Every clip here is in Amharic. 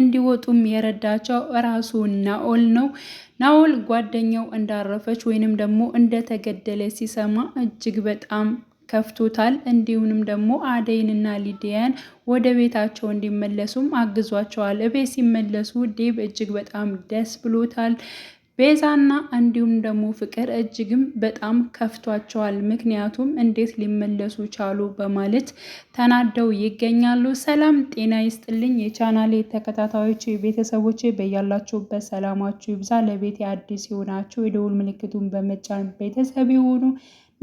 እንዲወጡም የረዳቸው ራሱ ናኦል ነው። ናኦል ጓደኛው እንዳረፈች ወይንም ደግሞ እንደተገደለ ሲሰማ እጅግ በጣም ከፍቶታል። እንዲሁንም ደግሞ አደይንና ሊዲያን ወደ ቤታቸው እንዲመለሱም አግዟቸዋል። እቤት ሲመለሱ ዴብ እጅግ በጣም ደስ ብሎታል። ቤዛና እንዲሁም ደግሞ ፍቅር እጅግም በጣም ከፍቷቸዋል። ምክንያቱም እንዴት ሊመለሱ ቻሉ በማለት ተናደው ይገኛሉ። ሰላም ጤና ይስጥልኝ የቻናሌ ተከታታዮች ቤተሰቦች በያላችሁበት ሰላማችሁ ይብዛ። ለቤት አዲስ የሆናችሁ የደውል ምልክቱን በመጫን ቤተሰብ የሆኑ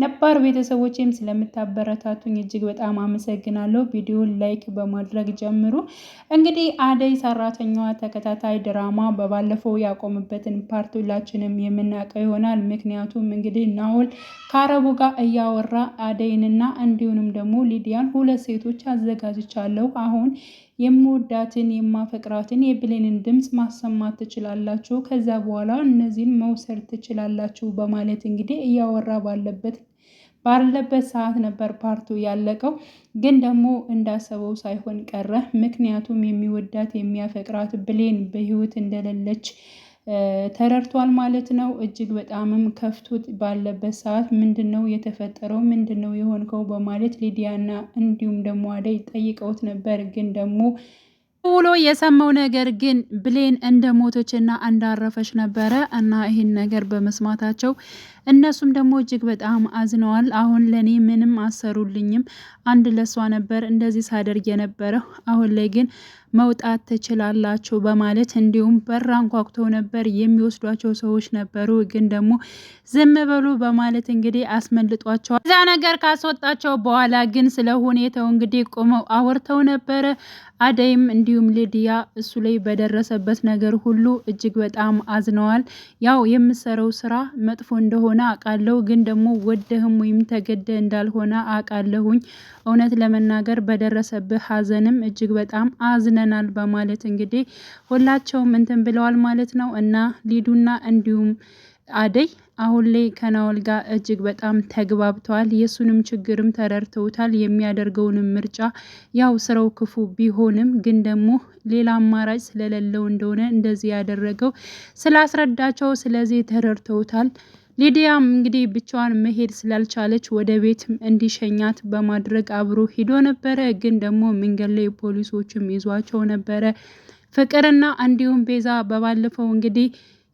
ነባር ቤተሰቦቼም ስለምታበረታቱኝ እጅግ በጣም አመሰግናለሁ። ቪዲዮን ላይክ በማድረግ ጀምሩ። እንግዲህ አደይ ሰራተኛዋ ተከታታይ ድራማ በባለፈው ያቆምበትን ፓርት ሁላችንም የምናውቀው ይሆናል። ምክንያቱም እንግዲህ ናሆል ከአረቡ ጋር እያወራ አደይንና እንዲሁንም ደግሞ ሊዲያን ሁለት ሴቶች አዘጋጅቻለሁ አሁን የምወዳትን የማፈቅራትን የብሌንን ድምፅ ማሰማት ትችላላችሁ። ከዛ በኋላ እነዚህን መውሰድ ትችላላችሁ በማለት እንግዲህ እያወራ ባለበት ባለበት ሰዓት ነበር ፓርቱ ያለቀው። ግን ደግሞ እንዳሰበው ሳይሆን ቀረ። ምክንያቱም የሚወዳት የሚያፈቅራት ብሌን በህይወት እንደሌለች ተረድቷል ማለት ነው። እጅግ በጣምም ከፍቶት ባለበት ሰዓት ምንድነው የተፈጠረው? ምንድነው የሆንከው? በማለት ሊዲያና እንዲሁም ደግሞ አደይ ጠይቀውት ነበር። ግን ደግሞ ውሎ የሰማው ነገር ግን ብሌን እንደሞተችና እንዳረፈች ነበረ እና ይህን ነገር በመስማታቸው እነሱም ደግሞ እጅግ በጣም አዝነዋል። አሁን ለእኔ ምንም አሰሩልኝም፣ አንድ ለሷ ነበር እንደዚህ ሳደርግ የነበረው አሁን ላይ ግን መውጣት ትችላላችሁ በማለት እንዲሁም በር አንኳኩተው ነበር የሚወስዷቸው ሰዎች ነበሩ፣ ግን ደግሞ ዝም በሉ በማለት እንግዲህ አስመልጧቸዋል። እዛ ነገር ካስወጣቸው በኋላ ግን ስለ ሁኔታው እንግዲህ ቆመው አወርተው ነበረ። አደይም እንዲሁም ሊዲያ እሱ ላይ በደረሰበት ነገር ሁሉ እጅግ በጣም አዝነዋል። ያው የምሰረው ስራ መጥፎ እንደሆነ እንደሆነ አውቃለሁ፣ ግን ደግሞ ወደህም ወይም ተገደ እንዳልሆነ አውቃለሁኝ። እውነት ለመናገር በደረሰብህ ሀዘንም እጅግ በጣም አዝነናል በማለት እንግዲህ ሁላቸውም እንትን ብለዋል ማለት ነው እና ሊዱና እንዲሁም አደይ አሁን ላይ ከናወል ጋር እጅግ በጣም ተግባብተዋል። የእሱንም ችግርም ተረድተውታል። የሚያደርገውንም ምርጫ ያው ስራው ክፉ ቢሆንም ግን ደግሞ ሌላ አማራጭ ስለሌለው እንደሆነ እንደዚህ ያደረገው ስላስረዳቸው፣ ስለዚህ ተረድተውታል። ሊዲያም እንግዲህ ብቻዋን መሄድ ስላልቻለች ወደ ቤት እንዲሸኛት በማድረግ አብሮ ሂዶ ነበረ። ግን ደግሞ መንገድ ላይ ፖሊሶችም ይዟቸው ነበረ። ፍቅርና እንዲሁም ቤዛ በባለፈው እንግዲህ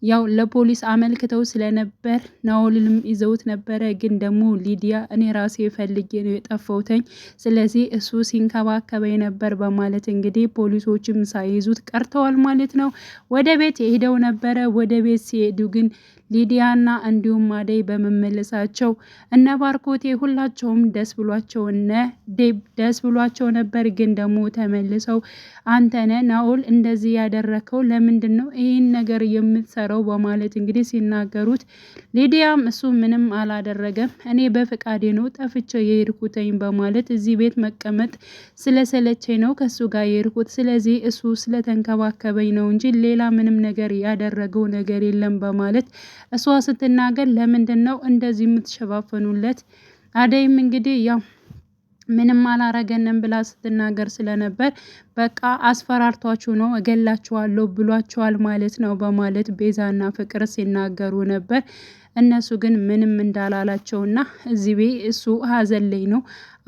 ያው ለፖሊስ አመልክተው ስለነበር ናውልንም ይዘውት ነበረ። ግን ደግሞ ሊዲያ እኔ ራሴ ፈልጌ ነው የጠፈውተኝ፣ ስለዚህ እሱ ሲንከባከበኝ ነበር በማለት እንግዲህ ፖሊሶችም ሳይዙት ቀርተዋል ማለት ነው። ወደ ቤት ሄደው ነበረ። ወደ ቤት ሲሄዱ ግን ሊዲያና እንዲሁም አደይ በመመለሳቸው እነ ባርኮቴ ሁላቸውም ደስ ብሏቸው እነ ዴብ ደስ ብሏቸው ነበር። ግን ደግሞ ተመልሰው አንተነ ናኦል እንደዚህ ያደረከው ለምንድን ነው ይህን ነገር የምትሰራው? በማለት እንግዲህ ሲናገሩት ሊዲያም እሱ ምንም አላደረገም እኔ በፈቃዴ ነው ጠፍቼ የሄድኩትኝ በማለት እዚህ ቤት መቀመጥ ስለሰለቼ ነው ከሱ ጋር የሄድኩት። ስለዚህ እሱ ስለተንከባከበኝ ነው እንጂ ሌላ ምንም ነገር ያደረገው ነገር የለም በማለት እሷ ስትናገር ለምንድን ነው እንደዚህ የምትሸፋፈኑለት? አደይም እንግዲህ ያው ምንም አላረገንም ብላ ስትናገር ስለነበር በቃ አስፈራርቷችሁ ነው እገላችኋለሁ ብሏችኋል ማለት ነው በማለት ቤዛና ፍቅር ሲናገሩ ነበር። እነሱ ግን ምንም እንዳላላቸውና እዚህ ቤ እሱ ሀዘን ላይ ነው።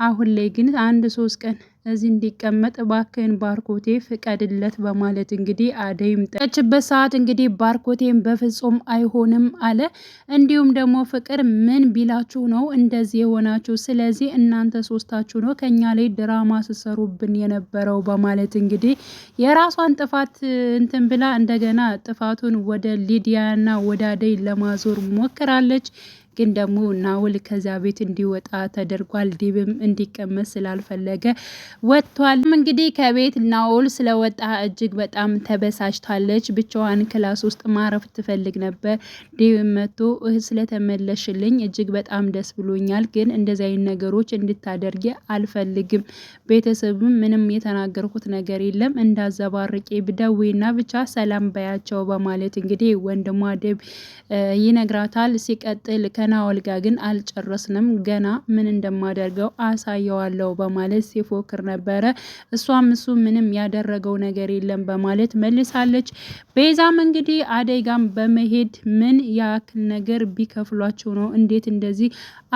አሁን ላይ ግን አንድ ሶስት ቀን እዚህ እንዲቀመጥ ባክህን ባርኮቴ ፍቀድለት በማለት እንግዲህ አደይም ጠችበት ሰዓት እንግዲህ ባርኮቴን በፍጹም አይሆንም አለ። እንዲሁም ደግሞ ፍቅር ምን ቢላችሁ ነው እንደዚህ የሆናችሁ? ስለዚህ እናንተ ሶስታችሁ ነው ከኛ ላይ ድራማ ስሰሩብን የነበረው በማለት እንግዲህ የራሷን ጥፋት እንትን ብላ እንደገና ጥፋቱን ወደ ሊዲያና ወደ አደይ ለማዞር ሞክ ትመሰክራለች። ግን ደግሞ ናውል ከዚያ ቤት እንዲወጣ ተደርጓል። ዲብም እንዲቀመስ ስላልፈለገ ወጥቷል። እንግዲህ ከቤት ናውል ስለወጣ እጅግ በጣም ተበሳጭታለች። ብቻዋን ክላስ ውስጥ ማረፍ ትፈልግ ነበር። ዲብም መጥቶ ስለተመለሽልኝ እጅግ በጣም ደስ ብሎኛል፣ ግን እንደዚህ አይነት ነገሮች እንድታደርጊ አልፈልግም። ቤተሰብም ምንም የተናገርኩት ነገር የለም እንዳዘባርቂ ብደዌና ብቻ ሰላም በያቸው በማለት እንግዲህ ወንድሟ ዲብ ይነግራታል። ሲቀጥል ፈተና ወልጋ ግን አልጨረስንም፣ ገና ምን እንደማደርገው አሳየዋለሁ በማለት ሲፎክር ነበረ። እሷም እሱ ምንም ያደረገው ነገር የለም በማለት መልሳለች። ቤዛም እንግዲህ አደይ ጋም በመሄድ ምን ያክል ነገር ቢከፍሏችሁ ነው እንዴት እንደዚህ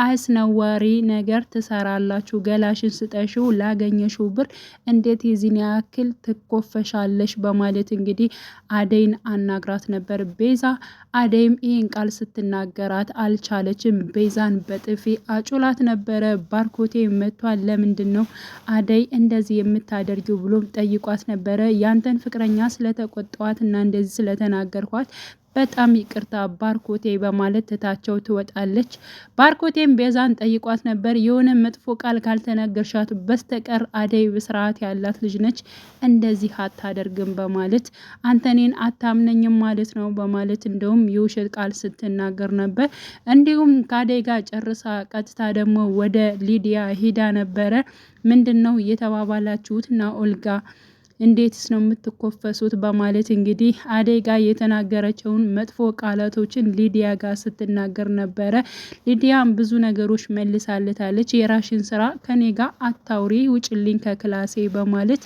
አስነዋሪ ነገር ትሰራላችሁ? ገላሽን ስጠሽው ላገኘሽው ብር እንዴት የዚህን ያክል ትኮፈሻለሽ? በማለት እንግዲህ አደይን አናግራት ነበር ቤዛ። አደይም ይህን ቃል ስትናገራት አልቻ አልቻለችም። ቤዛን በጥፊ አጩላት ነበረ። ባርኮቴ መቷል። ለምንድን ነው አደይ እንደዚህ የምታደርጊው ብሎም ጠይቋት ነበረ። ያንተን ፍቅረኛ ስለተቆጣዋት እና እንደዚህ ስለተናገርኳት በጣም ይቅርታ ባርኮቴ በማለት ትታቸው ትወጣለች። ባርኮቴም ቤዛን ጠይቋት ነበር። የሆነ መጥፎ ቃል ካልተነገርሻት በስተቀር አደይ ብስርዓት ያላት ልጅ ነች፣ እንደዚህ አታደርግም በማለት አንተኔን አታምነኝም ማለት ነው በማለት እንደውም የውሸት ቃል ስትናገር ነበር። እንዲሁም ከአደይ ጋር ጨርሳ ቀጥታ ደግሞ ወደ ሊዲያ ሂዳ ነበረ። ምንድን ነው እየተባባላችሁት ና ኦልጋ እንዴትስ ነው የምትኮፈሱት? በማለት እንግዲህ አደይ ጋ የተናገረቸውን መጥፎ ቃላቶችን ሊዲያ ጋር ስትናገር ነበረ። ሊዲያም ብዙ ነገሮች መልሳለታለች። የራሽን ስራ ከኔ ጋ አታውሪ፣ ውጭልኝ ከክላሴ በማለት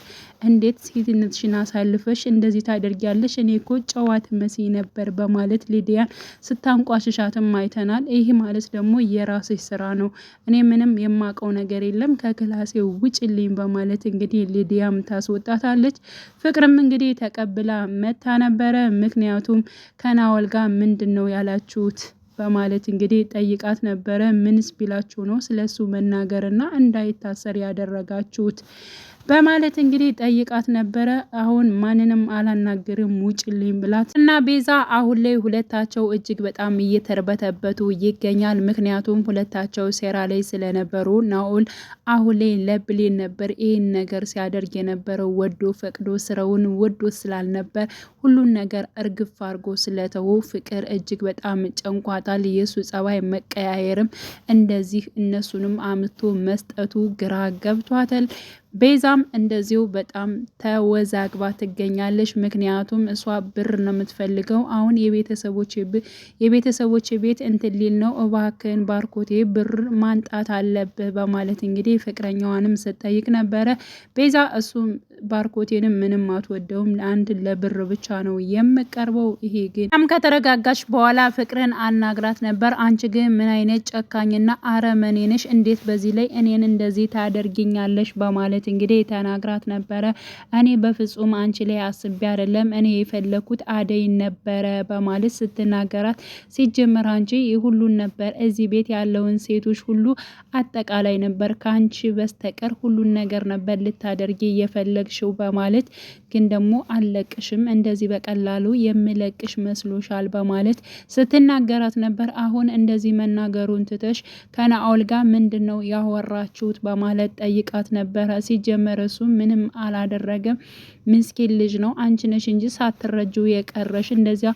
እንዴት ሴትነትሽን አሳልፈሽ እንደዚህ ታደርጊያለሽ? እኔ እኮ ጨዋት መሲ ነበር በማለት ሊዲያን ስታንቋሽሻትም አይተናል። ይህ ማለት ደግሞ የራስሽ ስራ ነው፣ እኔ ምንም የማውቀው ነገር የለም፣ ከክላሴ ውጭልኝ በማለት እንግዲህ ሊዲያም ታስወጣታል። ትላታለች። ፍቅርም እንግዲህ ተቀብላ መታ ነበረ። ምክንያቱም ከናወል ጋር ምንድን ነው ያላችሁት በማለት እንግዲህ ጠይቃት ነበረ። ምንስ ቢላችሁ ነው ስለሱ መናገርና እንዳይታሰር ያደረጋችሁት? በማለት እንግዲህ ጠይቃት ነበረ። አሁን ማንንም አላናግርም ውጭልኝ ብላት እና ቤዛ አሁን ላይ ሁለታቸው እጅግ በጣም እየተርበተበቱ ይገኛል። ምክንያቱም ሁለታቸው ሴራ ላይ ስለነበሩ ናኦል አሁን ላይ ለብሌ ነበር ይህን ነገር ሲያደርግ የነበረው ወዶ ፈቅዶ ስራውን ወዶ ስላልነበር ሁሉን ነገር እርግፍ አድርጎ ስለተው ፍቅር እጅግ በጣም ጨንቋታል። የእሱ ጸባይ መቀያየርም እንደዚህ እነሱንም አምቶ መስጠቱ ግራ ገብቷታል። ቤዛም እንደዚሁ በጣም ተወዛግባ ትገኛለች። ምክንያቱም እሷ ብር ነው የምትፈልገው። አሁን የቤተሰቦች ቤት እንትሊል ነው እባክን ባርኮቴ ብር ማንጣት አለብህ በማለት እንግዲህ ፍቅረኛዋንም ስጠይቅ ነበረ ቤዛ እሱም ባርኮቴንም ምንም አትወደውም። ለአንድ ለብር ብቻ ነው የምቀርበው። ይሄ ግን ም ከተረጋጋች በኋላ ፍቅርን አናግራት ነበር። አንቺ ግን ምን አይነት ጨካኝና አረመኔ ነሽ? እንዴት በዚህ ላይ እኔን እንደዚህ ታደርግኛለሽ? በማለት እንግዲህ ተናግራት ነበረ። እኔ በፍጹም አንቺ ላይ አስቤ አይደለም እኔ የፈለኩት አደይ ነበረ በማለት ስትናገራት፣ ሲጀምር አንቺ ሁሉን ነበር እዚህ ቤት ያለውን ሴቶች ሁሉ አጠቃላይ ነበር ከአንቺ በስተቀር ሁሉን ነገር ነበር ልታደርጊ የፈለግ ፈለግሽው በማለት ግን ደግሞ አልለቅሽም፣ እንደዚህ በቀላሉ የምለቅሽ መስሎሻል በማለት ስትናገራት ነበር። አሁን እንደዚህ መናገሩን ትተሽ ከናኦል ጋር ምንድን ነው ያወራችሁት በማለት ጠይቃት ነበረ። ሲጀመር እሱ ምንም አላደረገም፣ ምስኪን ልጅ ነው። አንቺ ነሽ እንጂ ሳትረጅው የቀረሽ እንደዚያ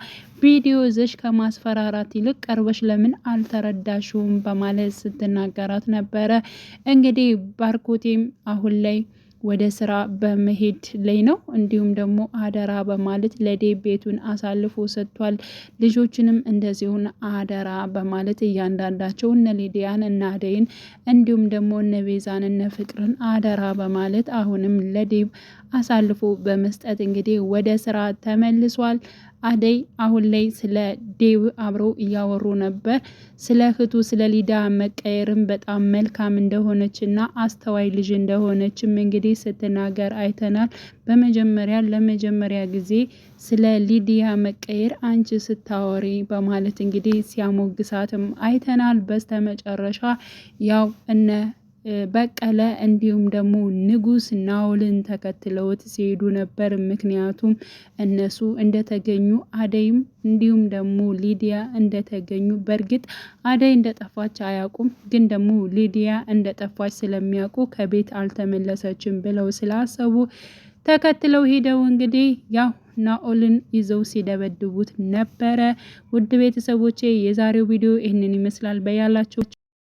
ቪዲዮ ዘሽ ከማስፈራራት ይልቅ ቀርበሽ ለምን አልተረዳሽውም? በማለት ስትናገራት ነበረ። እንግዲህ ባርኮቴም አሁን ላይ ወደ ስራ በመሄድ ላይ ነው። እንዲሁም ደግሞ አደራ በማለት ለዴ ቤቱን አሳልፎ ሰጥቷል። ልጆችንም እንደዚሁን አደራ በማለት እያንዳንዳቸው እነ ሊዲያን እነ አደይን እንዲሁም ደግሞ እነ ቤዛን እነ ፍቅርን አደራ በማለት አሁንም ለዴ አሳልፎ በመስጠት እንግዲህ ወደ ስራ ተመልሷል። አደይ አሁን ላይ ስለ ዴብ አብረው እያወሩ ነበር። ስለ እህቱ ስለ ሊዳ መቀየርም በጣም መልካም እንደሆነች እና አስተዋይ ልጅ እንደሆነችም እንግዲህ ስትናገር አይተናል። በመጀመሪያ ለመጀመሪያ ጊዜ ስለ ሊዲያ መቀየር አንቺ ስታወሪ በማለት እንግዲህ ሲያሞግሳትም አይተናል። በስተመጨረሻ ያው እነ በቀለ እንዲሁም ደግሞ ንጉስ ናውልን ተከትለውት ሲሄዱ ነበር። ምክንያቱም እነሱ እንደተገኙ አደይም እንዲሁም ደግሞ ሊዲያ እንደተገኙ በእርግጥ አደይ እንደጠፋች አያውቁም፣ ግን ደግሞ ሊዲያ እንደጠፋች ስለሚያውቁ ከቤት አልተመለሰችም ብለው ስላሰቡ ተከትለው ሄደው እንግዲህ ያው ናኦልን ይዘው ሲደበድቡት ነበረ። ውድ ቤተሰቦቼ የዛሬው ቪዲዮ ይህንን ይመስላል። በያላቸው